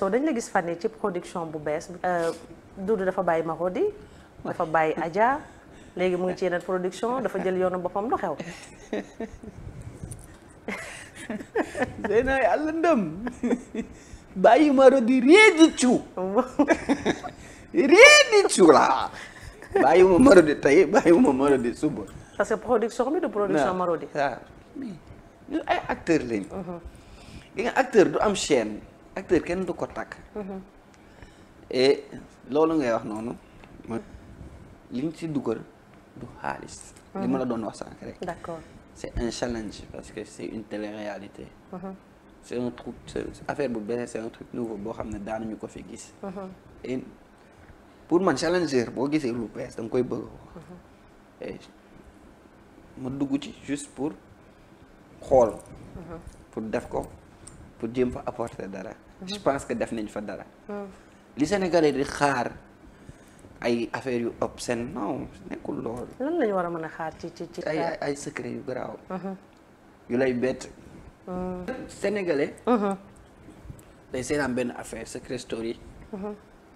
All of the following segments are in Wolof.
so dañ la gis fan ci production bu bees euh, Doudou dafa bàyyi Marodi dafa bàyyi Adja léegi mu ngi ci yeneen production dafa jël yoonu boppam lu xew Zeyna yàlla ndëm bàyyi Marodi réedicu réedicu bàyyi ma Marodi tey bàyyi ma Marodi suba parce que production bi du production Marodi waaw ah, ay acteur lañ. li mhm. nga acteur du am chaîne acteur kenn du ko takk mhm. et loolu ngay wax noonu li ñu ci dugal du xaalis li ma la mhm. doon wax sànq rek c'est un challenge parce que c'est une télé-réalité mhm. c'est un truc affaire bu bees c'est un truc nouveau boo xam ne daanuñu ko fi gis pour man challenger boo gisee lu bees da koy bëgg et ma dugg ci juste pour xool pour def ko pour jéem fa apporter dara. je mhm. pense que def nañ fa dara. Mhm. li Sénégalais di xaar ay affaires yu obscène non nekkul loolu. lan la war a mën a xaar ci ci ci. ay ay secret yu garaaw. Mhm. yu lay bett. Sénégalais. day seetaan benn affaire secret story.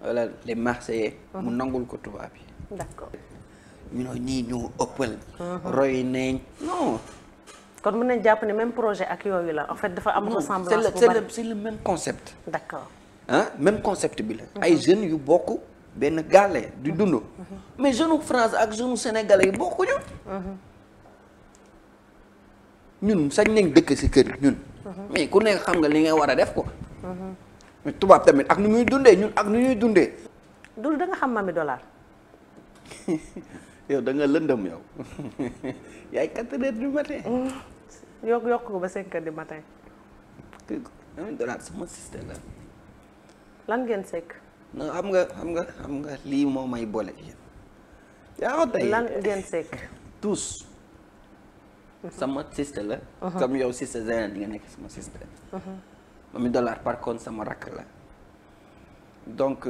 wala les Marseillais. mu nangul ko tubaab yi. ñu ne ñii ñu ëppal. roy nañ non. kon mën nañ jàpp ne même projet ak yooyu la en fait dafa am ressemblance bu bari c'est le même concept même concept bi la mhm. ay jeunes yu bokk benn gaale di dund mhm. mais jeune France ak jeune sénégalais yu bokku mhm. ñun sañ nañ dëkk si kër ñun mais ku nekk xam nga li nga war a def ko mais tubaab tamit ak nu muy dundee ñun ak nu ñuy dundee dul da nga xam Mamy Dollar yow da nga yow yokk yokk ko ba 5 heures du matin. damay doraat sama système la. lan ngeen sekk. non xam nga xam nga xam nga lii moo may boole. yaa tey lan ngeen sekk. tous. Mhm. sama sister la. Mhm. comme yow sister Zeynab di nga nekk sama sister. Mhm. Mamy Dollar par contre sama rakk la. donc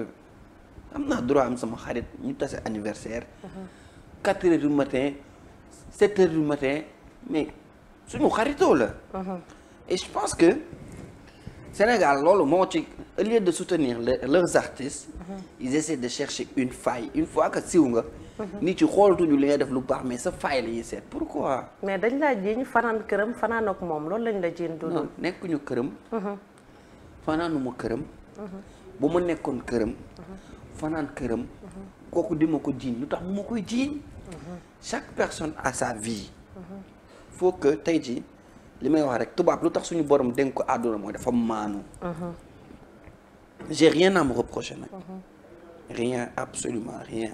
am naa droit am sama xarit ñu tase anniversaire. 4 heures du matin 7 heures du matin mais. suñu xaritoo la. et je pense que Sénégal loolu moo ci au de soutenir leurs artistes. ils essaient de chercher une faille une fois que siw nga. nit ci xoolatuñu li ngay def lu baax mais sa faille la ñuy seet pourquoi. mais dañ laa jiiñ fanaan këram fanaan ak moom loolu lañ la jiiñ du non nekkuñu këram. fanaanuma këram. bu ma nekkoon këram. fanaan këram. kooku di ma ko jiiñ lu tax mu ma koy jiiñ. chaque personne a sa vie. faut que tey jii li may wax rek tubaab lu tax suñu borom dénk ko àdduna mooy dafa maanu. j'ai rien à me reprocher nag. rien absolument rien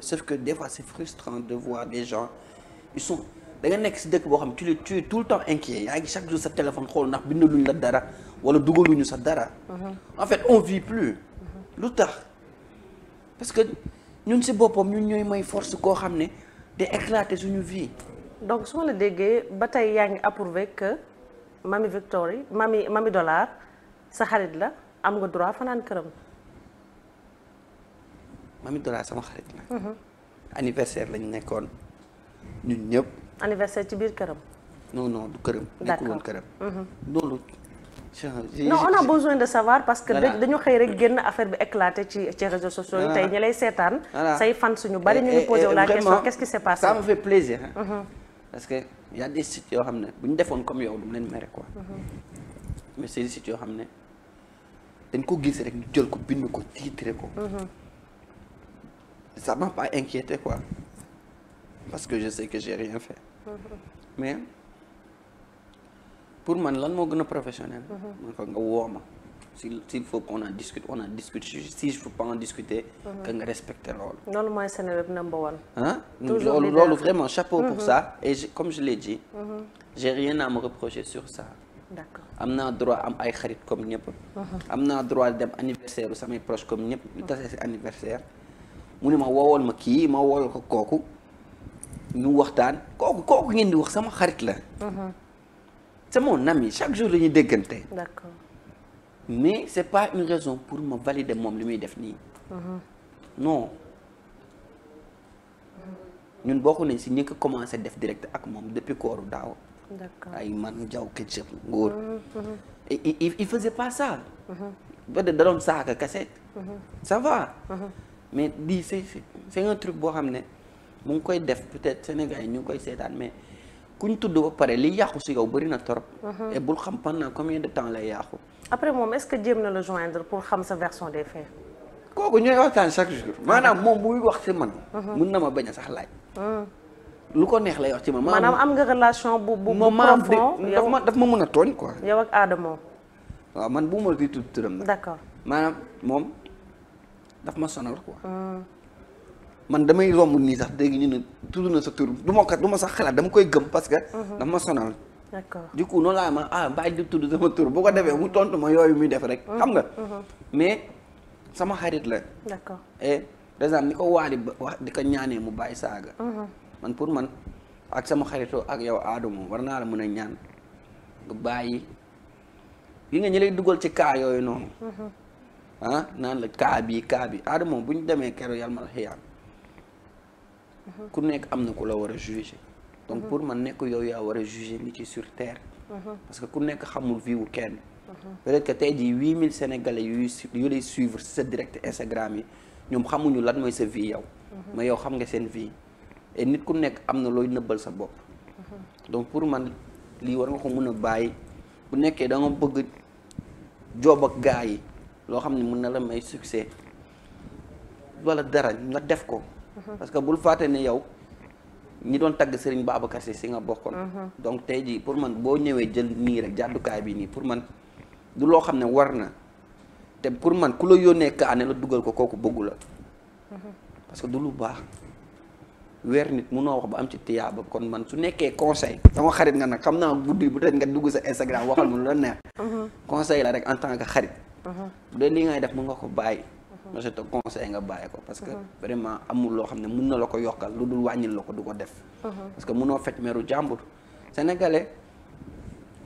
sauf que de voir des da nga nekk si boo xam ne tu le tu es tout le temps inquiet yaa ngi chaque jour sa téléphone xool ndax bindaluñ la dara wala dugaluñu sa dara. en fait on vit plus. lu tax parce que ñun si boppam ñun ñooy may force koo xam ne day éclater suñu vie. donc su ma la déggee ba tey yaa ngi approuvé que mami Victory mami mami Dollar sa xarit la am nga droit fanaan këram. mami Dollar sama xarit la. Mhm. anniversaire lañu nekkoon ñun ñëpp. anniversaire ci biir këram. non non du këram. nekkul woon këram. Mhm. loolu. non on a besoin que dañu xëy rek génn affaire bi éclaté ci ci réseaux sociaux yi tey ñi lay seetaan. say fan suñu bari ñu ngi posé wu la question quest qui s'est passé. ça me fait plaisir. parce que y a des sites yoo xam ne bu ñu defoon comme yow du leen mere quoi. Mhm. mais c'est des sites yoo xam ne dañ ko gis rek jël ko bind ko titre ko. Mhm. ça m'a pas inquiété quoi parce que je que j'ai rien fait. Mhm. mais pour man lan moo gën a professionnel. man nga woo s'il s'il faut qu'on en discute on en discute si je peux pas en discuter mhm. que nga respecter loolu loolu mooy Seneweb number one ah loolu loolu chapeau pour mhm. ça et comme je l'ai dit mhm. j'ai rien à me reprocher sur ça am naa droit am ay xarit comme ñëpp am na droit dem anniversaire u samay proche comme ñëpp ñu tasee si ma woowal ma kii ma woowal ko kooku ñu waxtaan kooku kooku ngeen di wax sama xarit la c'est mon ami chaque jour la ñuy mais c'est pas une raison pour ma valider moom li muy def nii no ñun bokk nañ si ñi ko def direct ak moom depuis kooru daaw ay man jaw ketchup ngóor mm-hmm, mm-hmm. il faisait pas ça mm-hmm. ba da doon saaka kese ça va mais di c'est c'est un truc boo xam ne mu ngi koy def peut-être Sénégal yi ñu ngi koy seetaan mais kuñ tudd ba pare li yàqu si yow bëri na torop et bul xam pendant combien de temps lay yàqu après moom est-ce que jéem na la joindre pour xam sa version des faits. kooku ñooy waxtaan chaque jour ah. maanaam moom buy wax ci man. Mhm. mun na ma bañ a sax laaj. Hmm. lu ko neex lay wax ci man. maanaam am nga relation bu bu profond daf ma daf ma mën a tooñ quoi. yow ak Adamo. man bu ma di tudd turam nag. d'accord maanaam moom daf ma sonal quoi. Hmm. man damay romb nii sax dégg ñu ne tudd na sa tur du ma ko du ma sax xalaat dama koy gëm parce que. Mhm. daf ma sonal. d'accord du coup noonu laa ma ah bàyyi di tudd sama tur bu ko defee mu tontu ma yooyu muy def rek. Mm-hmm, xam nga. Mm-hmm. mais sama xarit la. d'accord et par ni ko waali ba wax di ko ñaanee mu bàyyi saaga. Mm-hmm. man pour man ak sama xaritoo ak yow Adamo war naa la mën a ñaan nga bàyyi yi nga ñi lay dugal ci kaa yooyu noonu. ah naan la kaa bi kaa bi Adamo bu ñu demee keroog yàlla ma la xiyaan ku nekk am na ku la war a jugé. donc mhm. pour man nekk yow yaa war a juger li ci sur terre. Mhm. parce que ku nekk xamul vie wu kenn. Mhm. peut que tey jii huit mille sénégalais yuy yu lay suivre sa direct Instagram yi ñoom xamuñu lan mooy sa vie yow. mais yow xam nga seen vie et nit ku nekk am na looy nëbbal sa bopp. donc pour man lii war nga ko mën a bàyyi bu nekkee da bëgg joob ak gaa yi loo xam ne mun na la may succès wala dara nga def ko. parce que bul fàtte ne yow. ñi doon tagg Serigne Babacar Sy si nga bokkoon. Mhm. donc tey jii pour man boo ñëwee jël nii rek jàddukaay bi nii pour man du loo xam ne war na te pour man ku la yónnee kaane la dugal ko kooku bëggu la. Mhm. du lu baax weer nit munoo wax ba am ci tiyaaba kon man su nekkee conseil sama xarit nga nag xam naa guddi bu tëj nga dugg sa Instagram waxal mu lu la neex. Mhm. conseil la rek en tant que xarit. bu dee ngay def mun nga ko bàyyi. ma je te conseille nga bàyyi ko parce que uh-huh. vraiment amul loo xam ne mën na la ko yokkal lu dul wàññil la ko du ko def uh-huh. parce que mënoo fecc meru jàmbur sénégalais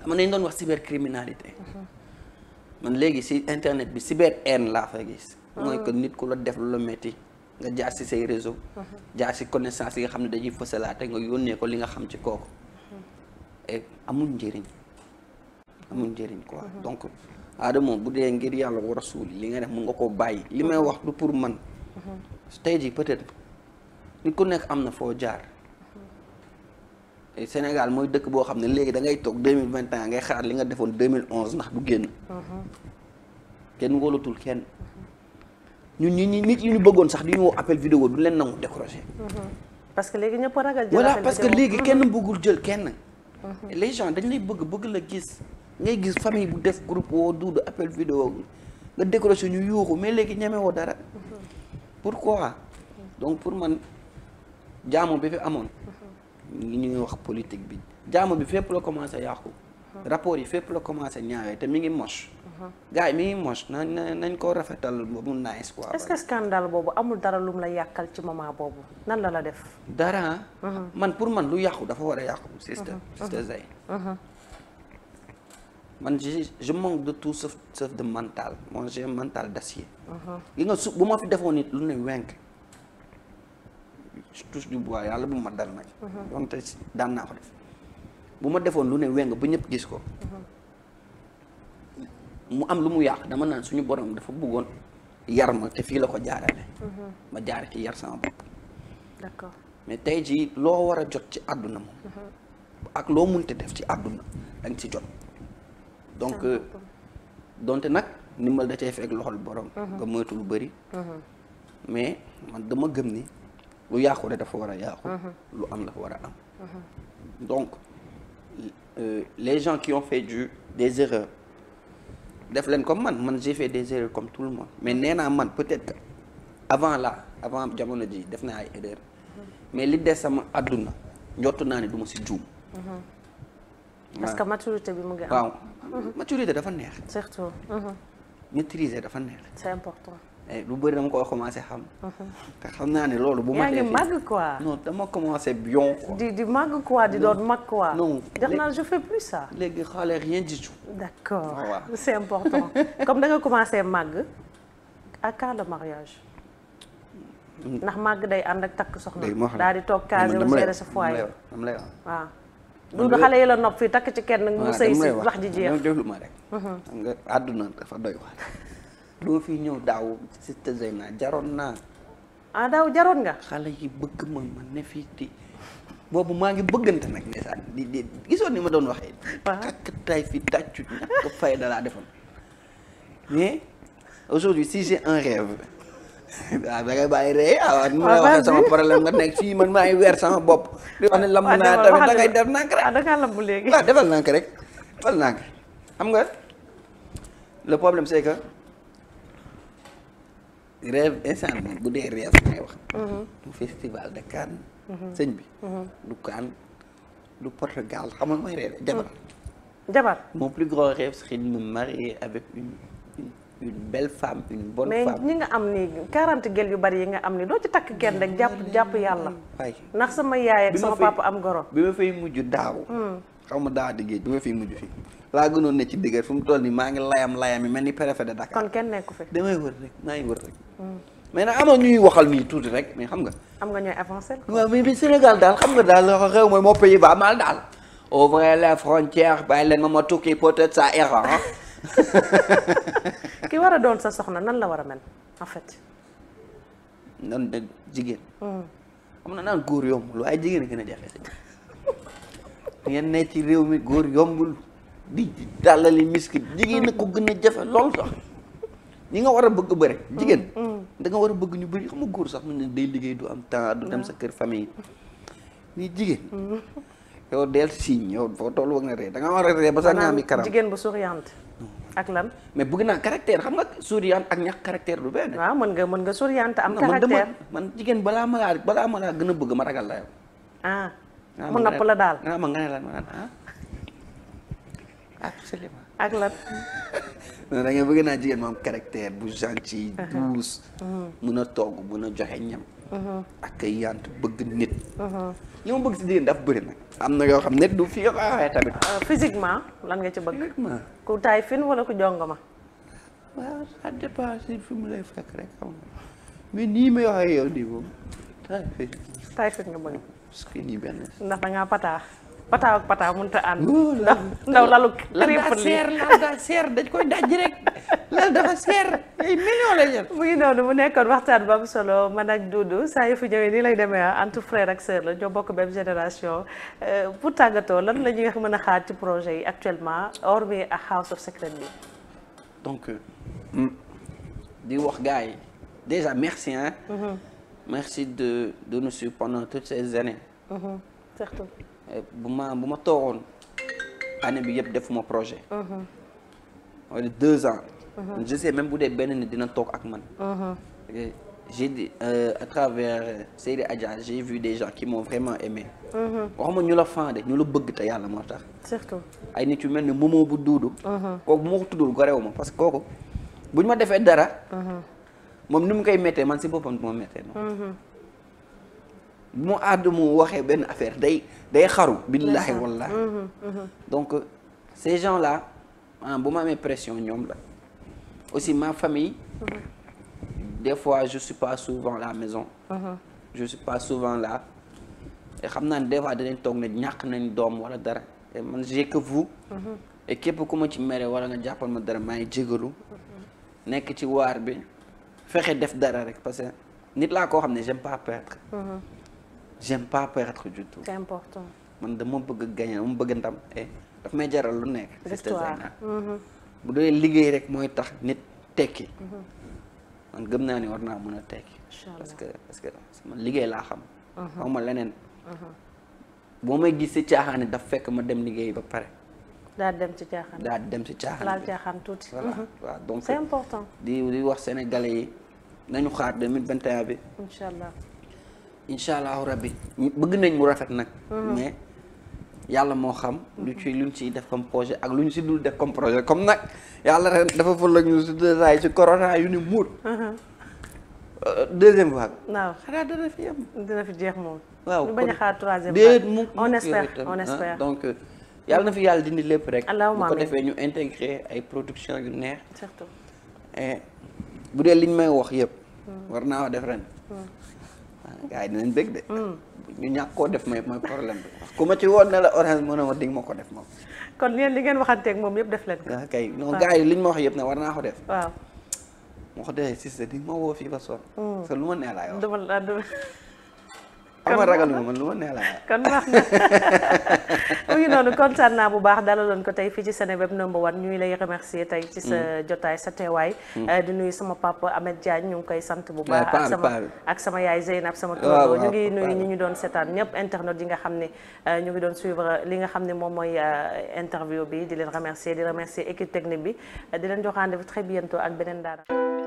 man nañ doon wax cybercriminalité uh-huh. man léegi si internet bi cyber haine laa fa gis mooy que nit ku la def lu la metti nga jaar si say réseau jaar si connaissance yi nga xam ne dañuy fësalaate nga yónnee ko li nga xam ci kooku et amul njëriñ amul njëriñ quoi donc Adamo bu dee ngir yàlla wa rasuul li nga def mën nga koo bàyyi li may wax du pour man mhm. tey jii peut-être nit ku nekk am na foo jaar mhm. Sénégal mooy dëkk boo xam ne léegi da ngay toog deux mille vingt et un ngay xaar li nga defoon deux mille onze ndax du génn mhm. kenn wóolatul kenn ñun ñi ñi nit yi ñu bëggoon sax di ñu woo appel vidéo du leen nangu décroché parce que léegi ñëpp ragal jël voilà parce léegi kenn bëggul jël kenn les gens dañ lay bëgg bëgg la gis ngay gis famille bu def groupe woo duudu appel vidéo nga décroché ñu yuuxu mais léegi ñemewoo dara pour pourquoi donc pour man jaamu bi fi amoon ñi ñuy wax politique bi jaamu bi fépp la commencé yàqu rapport yi fépp la commencé ñaawee te mi ngi moche gars yi mi ngi moche na nañ ko rafetal boobu nice quoi est-ce que scandale boobu amul dara lum la yàqal ci moment boobu nan la la def dara mhm. man pour man lu yàqu dafa war a yàqu sister sister Zey man je je manque de tout sauf de mental moi j'ai un mental d'acier. Uh-huh. li nga su bu ma fi defoon nit lu ne wenk yàlla bu ma dal nag. Uh-huh. donte daan naa ko def bu ma defoon lu ne weng ba ñëpp gis ko. Uh-huh. mu am lu mu yàq dama naan suñu borom dafa bëggoon yar te fii la ko ma jaar ci yar sama bopp. d'accord mais loo war a jot ci àdduna loo mënti def ci àdduna da ci jot. donc euh, donte nag ndimbal da cay fekk loxol borom. Mhm. nga moytu lu bëri. Mhm. mais man dama gëm ni lu yàqu rek dafa war a yàqu. Mhm. lu am dafa war a am. donc euh, les gens qui ont fait du des erreurs def leen comme man man j'ai des erreurs comme tout le monde mais nee man peut-être avant la avant jamono ji def naa ay erreurs mais li des sama àdduna njott naa ne du si juum. waaw. Mhm. maturité dafa neex. surtout. Mhm. maîtriser dafa neex. c'est important. Eh, lu bari dama ko commencé xam. Mhm. te xam naa ne loolu bu ma. yaa ngi màgg quoi. non dama commencé bien quoi. di di màgg quoi di doon màgg quoi. non léegi naa je fais plus ça. léegi ah, comme da commencé màgg à quand mariage. Mm. ndax màgg day ànd ak takk soxna. day daal di toog casé wu seere bu xale yi la nopp fii takk ci kenn nag mu sëy si wax ji jeex déglu ma rek mhm. nga àdduna dafa doy wax loo fi ñëw daaw si tësey naa jaroon naa ah daaw jaroon nga xale yi bëgg ma ma ne fii di boobu maa ngi bëggante nag ndeysaan di di gisoon ni ma doon waxee takk tay fi tàccu ñàkk fay dalaa defoon mais aujourd'hui si j'ai un rêve waaw da ngay bàyyi ree waaw nu ma waxee sama problème nga nekk fii man maay weer bopp di wax lamb naa tamit da ngay def rek da nga le problème c'est que rêve instant bu dee rêve ngay festival de Cannes sëñ bi du Cannes du Portugal xamul mooy rêve jabar jabar mon plus grand rêve serait de me marier avec une une belle femme une bonne mais mais ñi nga am ni 40 gel yu bari yi nga am ni doo ci takk kenn rek jàpp jàpp yàlla. waay sama yaay ak sama papa am goro. bi ma fay mujj daaw. Hmm. xaw ma daal di géej bi ma mujj fii. laa gënoon ne ci dëgër fu mu toll nii maa ngi layam layam yi mel ni préfet de Dakar. kon kenn nekku fi. damay wër rek maa ngi hmm. nii xam nga. am nga ñooy avancé. waaw daal xam nga daal loo xew mooy moo pays ba mal daal. ouvrez bàyyi leen ma ma tukki peut-être ça erreur ki war a doon sa soxna nan la war a mel en fait. nan de jigéen. Mm. xam na naan góor yombul waaye jigéen a gën a jafe. ngeen ne réew mi góor yombul di dàllali miski jigéen a ko gën a jafe lool sax ñi nga war a bëgg bëri mm, jigéen. Mm. da nga war a bëgg ñu bëri xam nga góor sax mu ne day liggéey du am temps du dem sa kër famille jigéen. yow del siiñ yow foo toll wag na ree da nga war a ree ba sax nga am i karam jigéen bu souriante. ak lan mais bëgg naa caractère xam nga souriant ak ñax caractère du benn waaw mën nga mën nga souriant te am caractère man jigéen balaa ma laa ma laa gën a bëgg ma ragal la yow ah, ah mu napp la daal nga ah, ma nga ne lan ma naan ah absolument ak lan non da nga bëgg naa jigéen moom uh-huh. uh-huh. a togg mun a joxe ñam Uh-huh. accueillante bëgg nit. Uh-huh. li ma bëgg si jigéen daf bëri nag. am na yoo xam ne du fi waaye tamit. Uh, physiquement lan nga ci bëgg. physiquement ku taay fin wala ku jongoma. waaw ça dépend si fi mu lay fekk rek mais nii may wax ak yow nii moom nga bëgg. ndax da pataa. pataa ak pataa mënut a ànd. ndaw lalu. lan daa seer dañ koy daj rek. lal dafa seer ay millions la jël. mu noonu mu nekkoon waxtaan bu am solo man ak Doudou saa yu fi ñëwee nii lay demee ah entre frère ak sœur la ñoo bokk même génération euh, pour tàggatoo lan la ñuy mën a xaar projet yi actuellement hormis ak House of Secret bi. donc euh, mm, di wax gars yi déjà merci hein. Mm-hmm. merci de de nous suivre pendant toutes ces années. Mm-hmm. surtout. Euh, ma bu ma année bi yëpp defuma projet. wala mm-hmm. deux ans. Uh-huh. je sais même bu dee benn nit dina toog ak man. Uh-huh. j'ai dit euh, à travers euh, Seydi Adja j'ai vu des gens qui m'ont vraiment aimé uh-huh. waxuma ñu la fande ñu la bëgg te yàlla moo tax surtout ay nit yu mel ni moomoo bu duudu kooku bu ma ko tuddul ko rew ma parce ma defee dara moom ni mu koy méttee man si boppam du ma méttee noonu mu àddu mu waxee benn affaire day day xaru billaahi wallaahi donc ces gens là ah, bu ma amee pression ñoom la aussi ma famille mhm. des fois je suis pas souvent la maison mhm. je suis pas souvent la et xam naa ne des fois danañ toog ne ñàkk nañ doom wala dara et man j'ai que vous mhm. képp ku ma ci mere wala nga jàppal ma dara maa ngi jégalu nekk ci waar bi fexe def dara rek parce que nit laa koo xam ne j'aime pas perdre j'aime pas man dama bëgg gagner dama bëgg ndam et daf may jaral lu nekk c'est ça bu dee liggéey rek mooy tax nit tekki mhm. man gëm naa ni war naa mën a tekki parce que ma liggéey laa xam mhm. xaw ma leneen mhm. boo may gis si caaxaan daf fekk ma dem liggéey ba pare daa dem ci caaxaan daa dem ci caaxaan laal caaxaan tuuti voilà donc di di wax sénégalais yi nañu xaar 2021 bi incha allah incha allahu rabbi bëgg nañ mu rafet nag mais yàlla moo xam lu ci luñ ciy def comme projet ak lu ñu si dul def comme projet comme nag yàlla ren dafa fël ñu si détail si corona yu ni muur uh-huh. deuxième vague. waaw xanaa dana fi am. dina fi jeex moom. waaw kon bañ a xaar on espère on ah, espère donc euh, yàlla na fi yàlla dindi lépp rek. bu ko defee ñu intégré ay production yu neex. surtout. bu dee liñ may wax yëpp. Hmm. war naa def ren. Hmm. gars yi dinañ bëgg de. Mm. ñu ñàkk koo def mooy problème bi ku ma ci woon ne la orange mën ma ko def moom. kon yéen li ngeen waxanteeg moom yëpp def leen ko. Ah, kay non gars yi liñ ma wax yëpp ne war naa ko def. waaw moo ko defee si sa di ma woo fii ba mm. parce que lu ma nee laay wax. kon ma ragal ma man lu ma nee la kon wax na mu ngi noonu kontaan naa bu baax dalaloon ko tey fii ci Seneweb number one ñuy lay remercier tey ci sa mm. jotaay sa teewaay. Mm. Eh, di nuyu sama papa Ahmed Diagne ñu ngi koy sant bu eh, baax. ak sama ak sama yaay Zeynab sama turandoo ñu ngi nuyu ñu ñu doon seetaan ñëpp internet yi nga xam ne eh, ñu ngi doon suivre li nga xam ne moom mooy interview bi di leen remercier di remercier équipe technique bi di leen jox rendez très bientôt ak beneen daara.